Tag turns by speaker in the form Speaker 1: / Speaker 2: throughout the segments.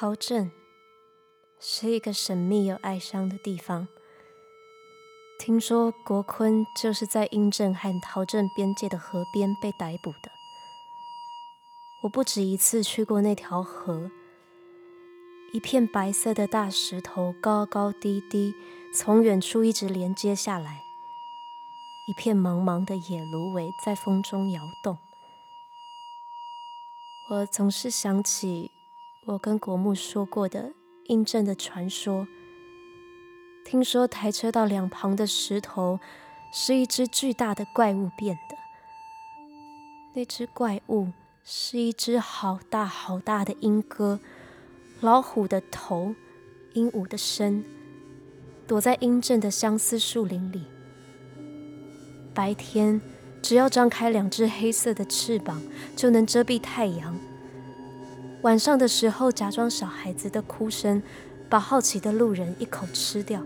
Speaker 1: 桃鎮是一個神秘又哀傷的地方。聽說國坤就是在英鎮和桃鎮邊界的河邊被逮捕的。我不止一次去過那條河，一片白色的大石頭高高低低，從遠處一直連接下來，一片茫茫的野蘆葦在風中搖動。我總是想起。我跟國木說過的英鎮的傳說，聽說台車道兩旁的石頭是一隻巨大的怪物變的。那只怪物是一只好大好大的鸚哥，老虎的頭，鸚鵡的身，躲在英鎮的相思樹林裡。白天只要張開兩隻黑色的翅膀，就能遮蔽太陽。晚上的時候，假裝小孩子的哭聲，把好奇的路人一口吃掉。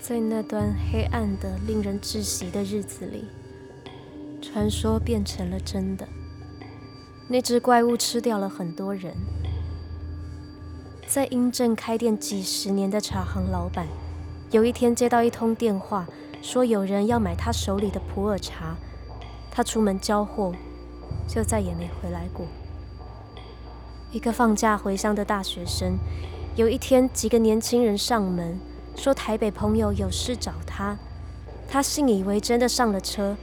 Speaker 1: 在那段黑暗的、令人窒息的日子裡，傳說變成了真的。那隻怪物吃掉了很多人。在英鎮開店幾十年的茶行老闆，有一天接到一通電話。說有人要買他手裡的普洱茶，他出門交貨，就再也沒回來過。一個放假回鄉的大學生，有一天幾個年輕人上門，說台北朋友有事找他，他信以為真的上了車，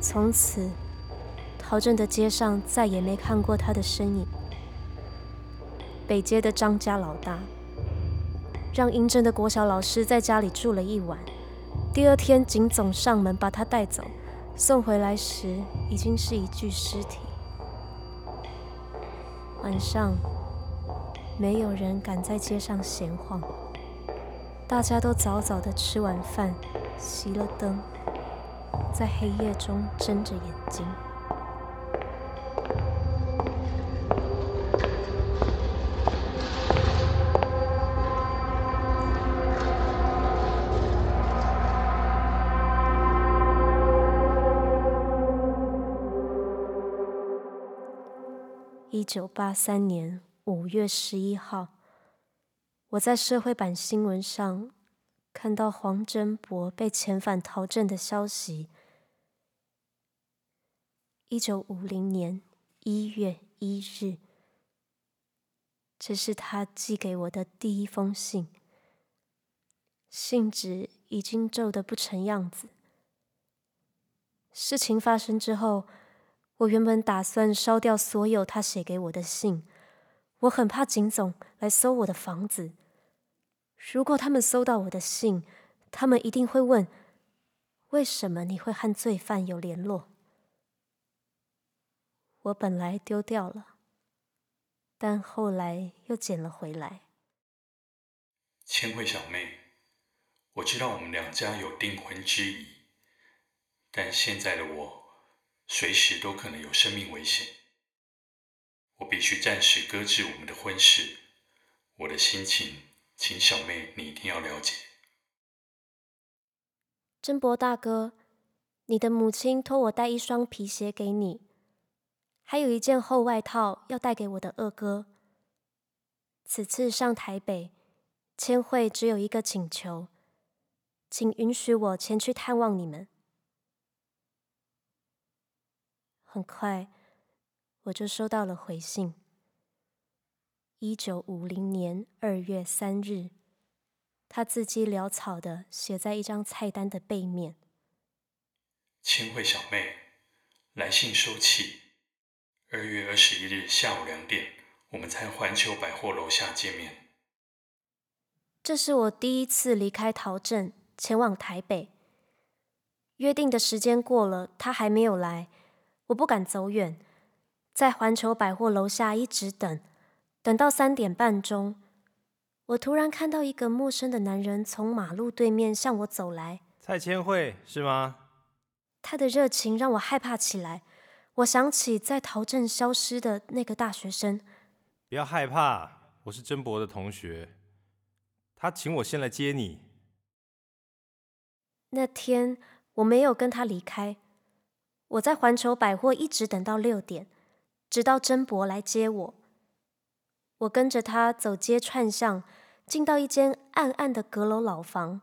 Speaker 1: 從此桃鎮的街上再也沒看過他的身影。北街的張家老大，讓鶯鎮的國小老師在家裡住了一晚。第二天，警總上門把他帶走，送回來時已經是一具屍體。晚上，沒有人敢在街上閒晃，大家都早早的吃完飯，熄了燈，在黑夜中睜着眼睛。一九八三年五月十一號，我在社會版新聞上看到黃貞柏被遣返桃鎮的消息。一九五零年一月一日，這是他寄給我的第一封信，信紙已經皺得不成樣子。事情發生之後。我原本打算燒掉所有他寫給我的信，我很怕警總來搜我的房子。如果他們搜到我的信，他們一定會問：為什麼你會和罪犯有聯絡？我本來丟掉了，但後來又撿了回來。
Speaker 2: 千惠小妹，我知道我們兩家有訂婚之意，但現在的我。隨時都可能有生命危險，我必須暫時擱置我們的婚事。我的心情，請小妹你一定要了解。
Speaker 1: 貞柏大哥，你的母親托我帶一雙皮鞋給你，還有一件厚外套要帶給我的二哥。此次上台北，千惠只有一個請求，請允許我前去探望你們。很快，我就收到了回信。一九五零年二月三日，他字跡潦草的寫在一張菜單的背面。
Speaker 2: 千惠小妹，來信收起。二月二十一日下午兩點，我們在環球百貨樓下見
Speaker 1: 面。這是我第一次離開桃鎮前往台北。約定的時間過了，他還沒有來。我不敢走遠，在環球百貨樓下一直等，等到三點半鐘，我突然看到一個陌生的男人從馬路對面向我走來。
Speaker 3: 蔡千惠，是嗎？
Speaker 1: 他的熱情讓我害怕起來。我想起在桃鎮消失的那個大學生。
Speaker 3: 不要害怕，我是真博的同學，他請我先來接你。
Speaker 1: 那天我沒有跟他離開。我在環球百貨一直等到六點，直到真博來接我。我跟着他走街串巷，進到一間暗暗的閣樓老房。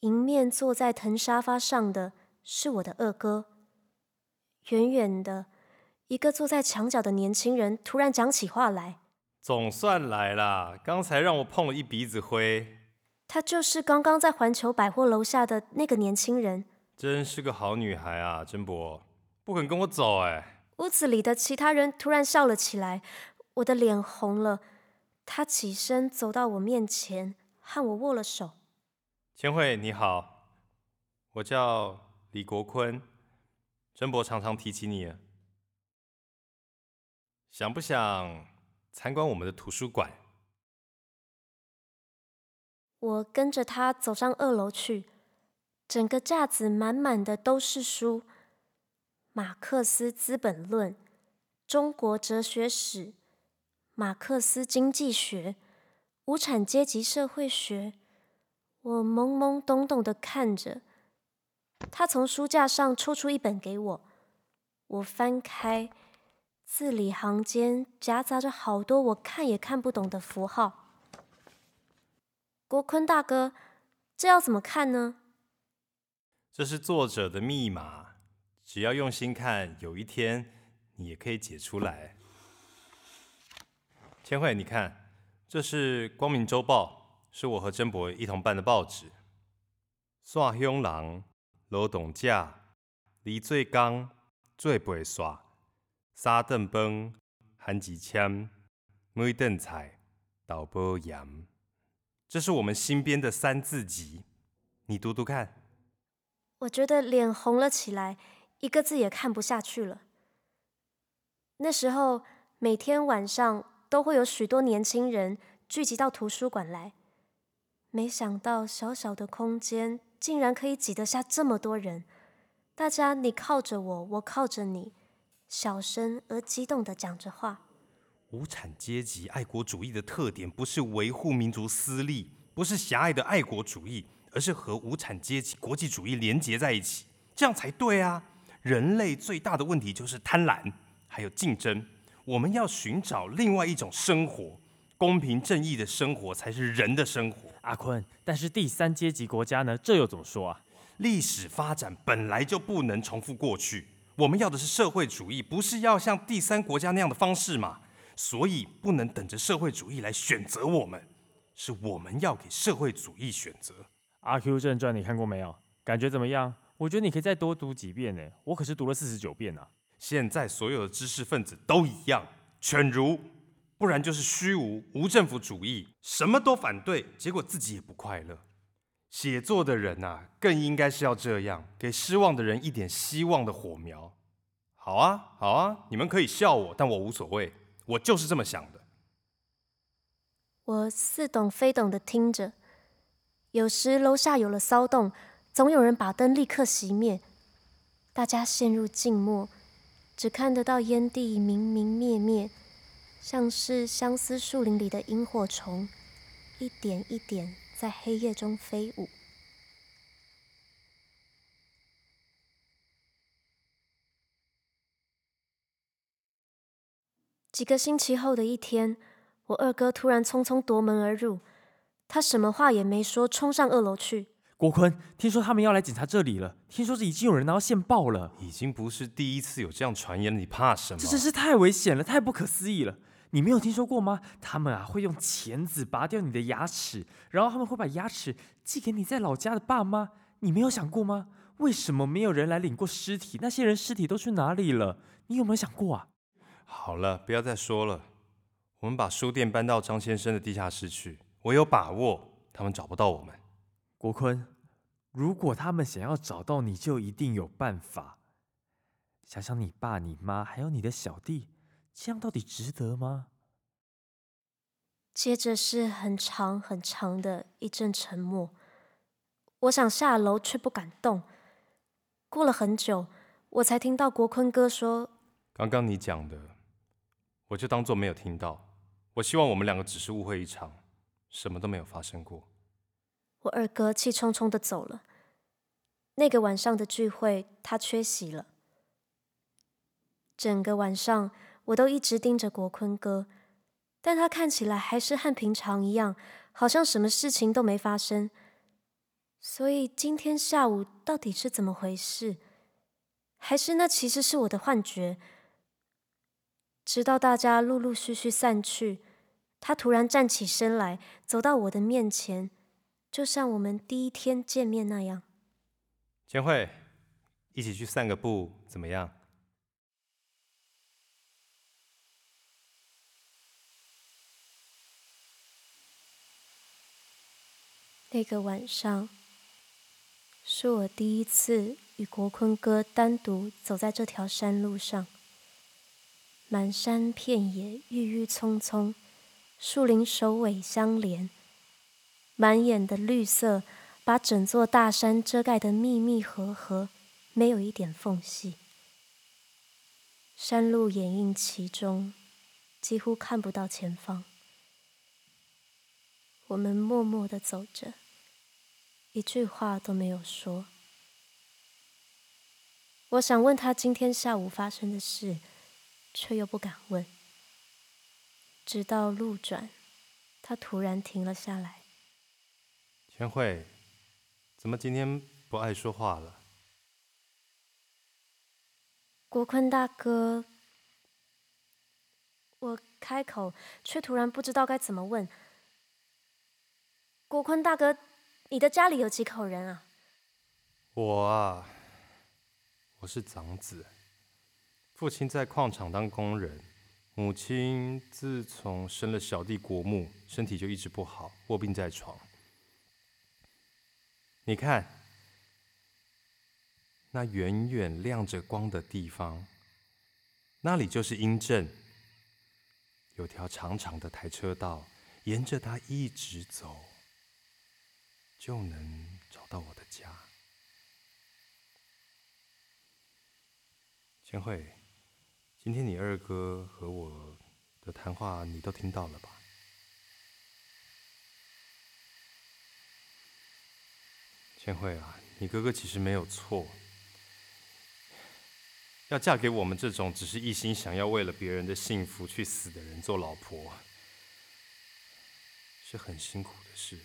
Speaker 1: 迎面坐在藤沙發上的是我的二哥。遠遠的，一個坐在牆角的年輕人突然講起話來：“
Speaker 3: 總算來了，剛才讓我碰了一鼻子灰。”
Speaker 1: 他就是剛剛在環球百貨樓下的那個年輕人。
Speaker 3: 真是個好女孩啊，真博不肯跟我走哎、欸！
Speaker 1: 屋子裡的其他人突然笑了起來，我的臉紅了。他起身走到我面前，和我握了手。
Speaker 3: 千惠，你好，我叫李國坤。真博常常提起你。啊，想不想參觀我們的圖書館？
Speaker 1: 我跟着他走上二樓去。整個架子滿滿的都是書，《馬克思資本論》《中國哲學史》《馬克思經濟學》《無產階級社會學》。我懵懵懂懂的看著，他從書架上抽出一本給我。我翻開，字裡行間夾雜着好多我看也看不懂的符號。國坤大哥，這要怎麼看呢？
Speaker 3: 這是作者的密碼，只要用心看，有一天你也可以解出來。千惠，你看，這是《光明週報》，是我和貞伯一同辦的報紙。耍兇狼，樓董架，離最剛，最不耍，三頓飯，含一千，每頓菜，倒播羊。這是我們新編的三字集，你讀讀看。
Speaker 1: 我覺得臉紅了起來，一個字也看不下去了。那時候每天晚上都會有許多年輕人聚集到圖書館來，沒想到小小的空間竟然可以擠得下這麼多人。大家，你靠着我，我靠着你，小聲而激動地講着話。
Speaker 3: 無產階級愛國主義的特點不是維護民族私利，不是狹隘的愛國主義。而是和無產階級國際主義聯結在一起，這樣才對啊！人類最大的問題就是貪婪，還有競爭。我們要尋找另外一種生活，公平正義的生活才是人的生活。阿坤，但是第三階級國家呢？這又怎麼說啊？歷史發展本來就不能重複過去。我們要的是社會主義，不是要像第三國家那樣的方式嘛。所以不能等着社會主義來選
Speaker 2: 擇我們，是我們要給社會主義選擇。《阿 Q 正傳》你看過沒有？感覺怎麼樣？我覺得你可以再多讀幾遍呢。我可是讀了四十九遍呢、啊。現在
Speaker 3: 所有的知識分子都一樣，犬儒，不然就是虛無無政府主義，什麼都反對，結果自己也不快樂。寫作的人啊，更應該是要這樣，給失望的人一點希望的火苗。好啊，好啊，你們可以笑我，但我無所謂，我就是這麼想的。
Speaker 1: 我似懂非懂的聽着。有時樓下有了騷動，總有人把燈立刻熄滅，大家陷入靜默，只看得到煙蒂明明滅滅，像是相思樹林裡的螢火蟲，一點一點在黑夜中飛舞。幾個星期後的一天，我二哥突然匆匆奪門而入，他什麼話也沒說，衝上二樓去。
Speaker 2: 國坤，聽說他們要來檢查這裡了。聽說是已經有人拿到線報了。已經不是第一次有這樣傳言了，你怕什麼？這真是太危險了，太不可思議了！你沒有聽說過嗎？他們啊，會用鉗子拔掉你的牙齒，然後他們會把牙齒寄給你在老家的爸媽。你沒有想過嗎？為什麼沒有人來領過屍體？那些人屍體都去哪裡了？你有沒有想過啊？
Speaker 3: 好了，不要再說了。我們把書店搬到張先生的
Speaker 2: 地下室去。我有把握，他們找不到我們。國坤，如果他們想要找到你，就一定有辦法。想想你爸、你媽，還有你的小弟，這樣到底值得嗎？
Speaker 1: 接着是很長很長的一陣沉默。我想下樓，卻不敢動。過了很久，我才聽到國坤哥說：“
Speaker 3: 剛剛你講的，我就當作沒有聽到。我希望我們兩個只是誤會一場。”什麼都沒有發生過。
Speaker 1: 我二哥氣沖沖地走了。那個晚上的聚會，他缺席了。整個晚上我都一直盯着國坤哥，但他看起來還是和平常一樣，好像什麼事情都沒發生。所以今天下午到底是怎麼回事？還是那其實是我的幻覺？直到大家陸陸續續散去。他突然站起身來，走到我的面前，就像我們第一天見面那樣。
Speaker 3: 千惠，一起去散個步，怎麼樣？
Speaker 1: 那個晚上，是我第一次與國坤哥單獨走在這條山路上。滿山遍野，鬱鬱蔥蔥。樹林首尾相連，滿眼的綠色把整座大山遮蓋得密密合合，沒有一點縫隙。山路掩映其中，幾乎看不到前方。我們默默地走着，一句話都沒有說。我想問他今天下午發生的事，卻又不敢問。直到路轉，他突然停了下來。
Speaker 3: 千惠，怎麼今天不愛說話了？
Speaker 1: 國坤大哥，我開口，卻突然不知道該怎麼問。國坤大哥，你的家裡有幾口人啊？
Speaker 3: 我啊，我是長子，父親在礦場當工人。母親自從生了小弟國木，身體就一直不好，臥病在床。你看，那遠遠亮着光的地方，那裡就是陰鎮，有條長長的台車道，沿着它一直走，就能找到我的家。千惠。今天你二哥和我的談話，你都聽到了吧？千惠啊，你哥哥其實沒有錯。要嫁給我們這種只是一心想要為了別人的幸福去死的人做老婆，是很辛苦的事。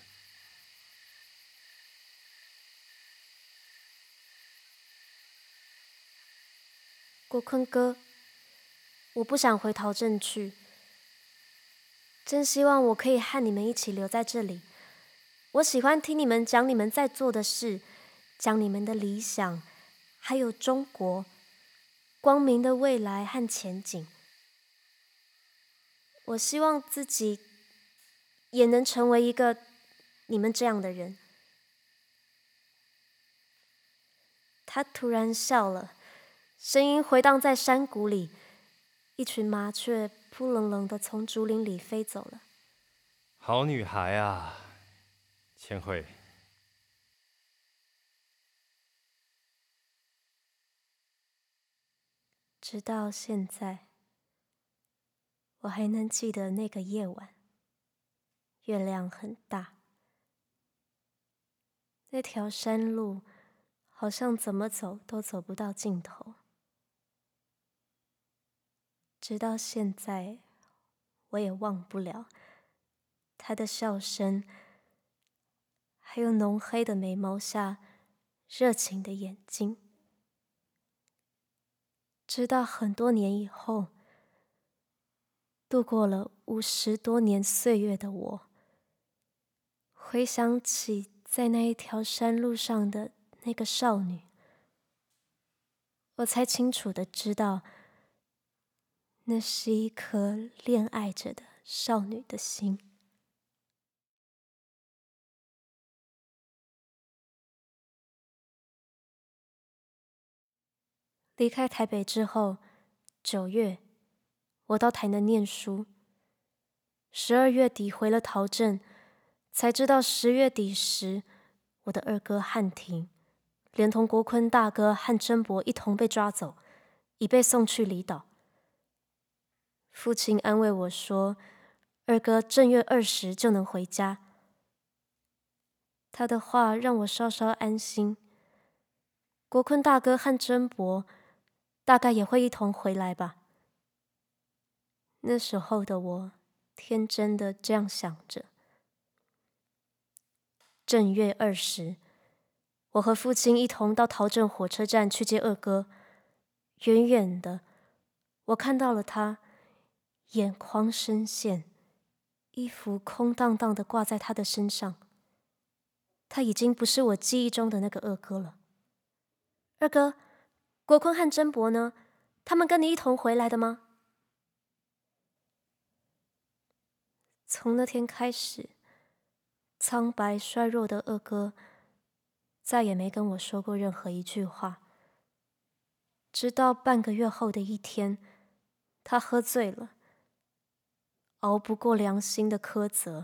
Speaker 1: 國坤哥。我不想回陶鎮去，真希望我可以和你們一起留在這裡。我喜歡聽你們講你們在做的事，講你們的理想，還有中國光明的未來和前景。我希望自己也能成為一個你們這樣的人。他突然笑了，聲音回盪在山谷裡。一群麻雀撲棱棱的從竹林裡飛走了。
Speaker 3: 好女孩啊，千惠。
Speaker 1: 直到現在，我還能記得那個夜晚，月亮很大，那條山路好像怎麼走都走不到盡頭。直到現在，我也忘不了他的笑聲，還有濃黑的眉毛下熱情的眼睛。直到很多年以後，度過了五十多年歲月的我，回想起在那一條山路上的那個少女，我才清楚地知道。那是一顆戀愛着的少女的心。離開台北之後，九月，我到台南念書。十二月底回了桃鎮，才知道十月底時，我的二哥漢廷連同國坤大哥和珍伯一同被抓走，已被送去離島。父親安慰我說：“二哥正月二十就能回家。”他的話讓我稍稍安心。國坤大哥和貞柏大概也會一同回來吧。那時候的我，天真的這樣想着。正月二十，我和父親一同到桃鎮火車站去接二哥。遠遠的，我看到了他。眼眶深陷，衣服空蕩蕩的掛在他的身上。他已經不是我記憶中的那個二哥了。二哥，國坤和貞柏呢？他們跟你一同回來的嗎？從那天開始，蒼白衰弱的二哥，再也沒跟我說過任何一句話。直到半個月後的一天，他喝醉了。熬不過良心的苛責，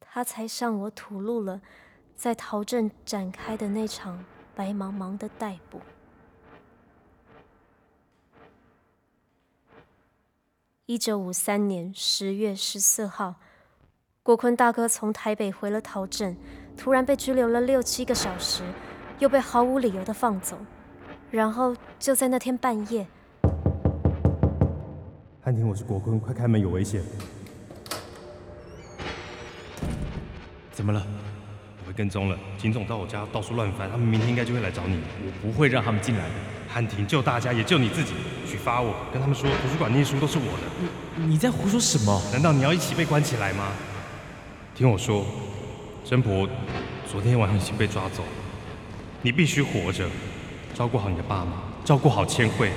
Speaker 1: 他才向我吐露了在桃鎮展開的那場白茫茫的逮捕。一九五三年十月十四號，國坤大哥從台北回了桃鎮，突然被拘留了六七個小時，又被毫無理由地放走，然後就在那天半夜。
Speaker 3: 漢庭，我是國坤，快開門，有危險！怎麼了？我會跟蹤了。警總到我家到處亂翻，他們明天應該就會來找你。我不會讓他們進來的。漢庭，救大家，也救你自己。去發我，跟他們說，圖書館那些書都是我的。你你在胡說什麼？難道你要一起被關起來嗎？聽我說，真婆昨天晚上已經被抓走了，你必須活着，照顧好你的爸媽，照顧好千惠。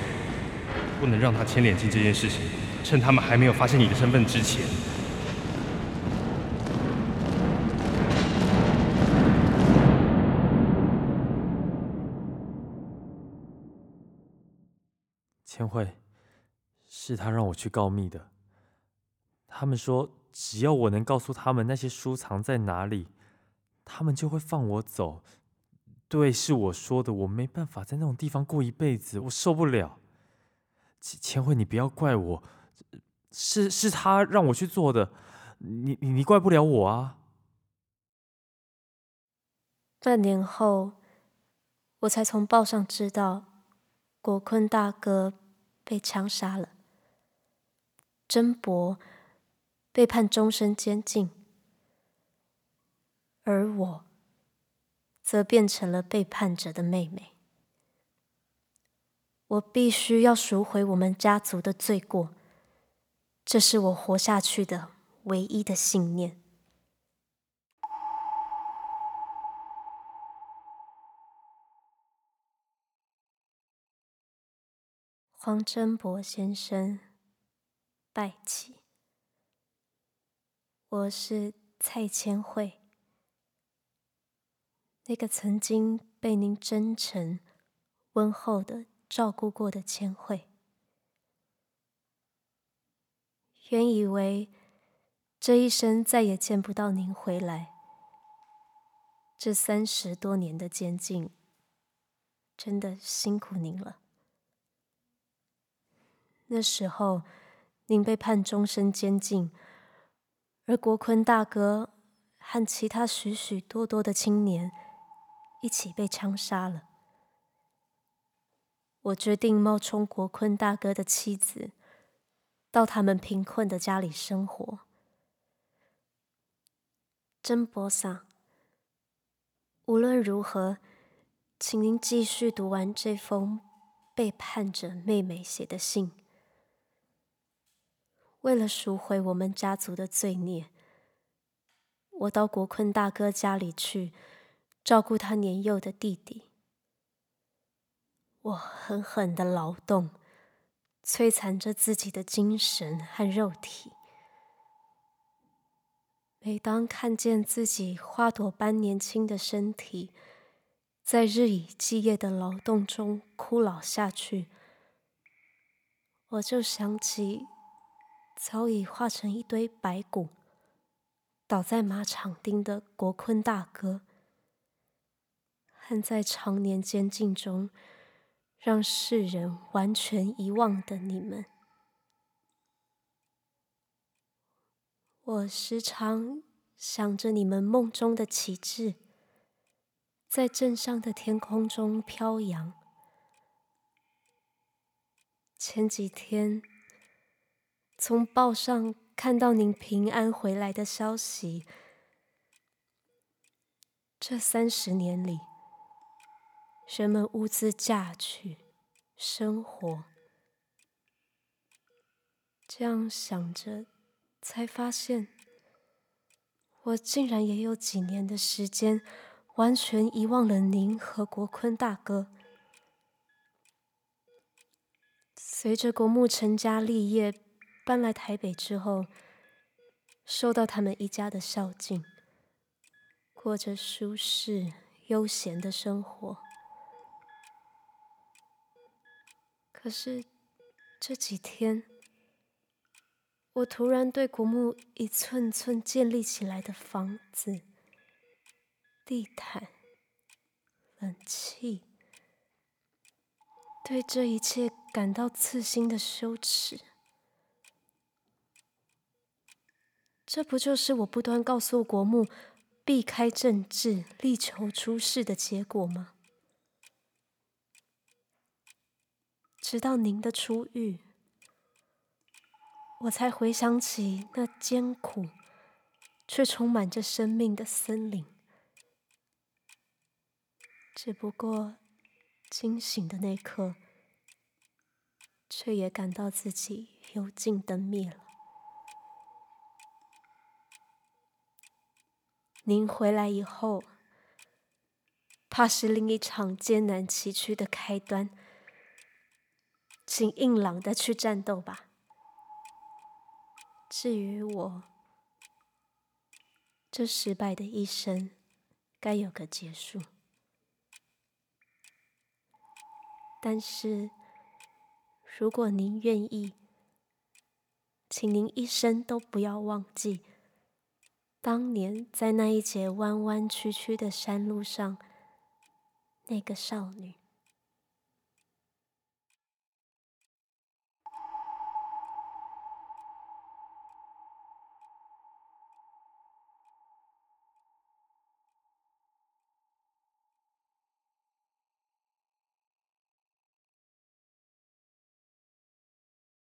Speaker 3: 不能讓他牽連進這件事情，趁他們還沒有發現你的身份之前，
Speaker 2: 千惠，是他讓我去告密的。他們說，只要我能告訴他們那些書藏在哪裡，他們就會放我走。對，是我說的，我沒辦法在那種地方過一輩子，我受不了。千千惠，你不要怪我，是是他讓我去做的，你你你怪不了我啊。
Speaker 1: 半年後，我才從報上知道，國坤大哥被槍殺了，貞柏被判終身監禁，而我，則變成了背叛者的妹妹。我必須要贖回我們家族的罪過，這是我活下去的唯一的信念。黃貞柏先生，拜啟。我是蔡千惠，那個曾經被您真誠溫厚的。照顧過的千惠，原以為這一生再也見不到您回來。這三十多年的監禁，真的辛苦您了。那時候，您被判終身監禁，而國坤大哥和其他許許多多的青年一起被槍殺了。我決定冒充國坤大哥的妻子，到他們貧困的家裡生活。貞柏桑，無論如何，請您繼續讀完這封背叛者妹妹寫的信。為了贖回我們家族的罪孽，我到國坤大哥家裡去照顧他年幼的弟弟。我狠狠的勞動，摧殘着自己的精神和肉體。每當看見自己花朵般年輕的身體，在日以繼夜的勞動中枯老下去，我就想起早已化成一堆白骨，倒在馬場町的國坤大哥，和在長年監禁中。讓世人完全遺忘的你們，我時常想着你們夢中的旗幟，在鎮上的天空中飄揚。前幾天從報上看到您平安回來的消息，這三十年裡。人們物資嫁娶，生活。這樣想着，才發現我竟然也有幾年的時間，完全遺忘了您和國坤大哥。隨着國木成家立業，搬來台北之後，受到他們一家的孝敬，過着舒適悠閒的生活。可是這幾天，我突然對國木一寸寸建立起來的房子、地毯、冷氣，對這一切感到刺心的羞恥。這不就是我不斷告訴國木避開政治、力求出世的結果嗎？直到您的出獄，我才回想起那艱苦卻充滿着生命的森林。只不過驚醒的那刻，卻也感到自己油盡燈滅了。您回來以後，怕是另一場艱難崎嶇的開端。請硬朗的去戰鬥吧。至於我，這失敗的一生，該有個結束。但是，如果您願意，請您一生都不要忘記，當年在那一節彎彎曲曲的山路上，那個少女。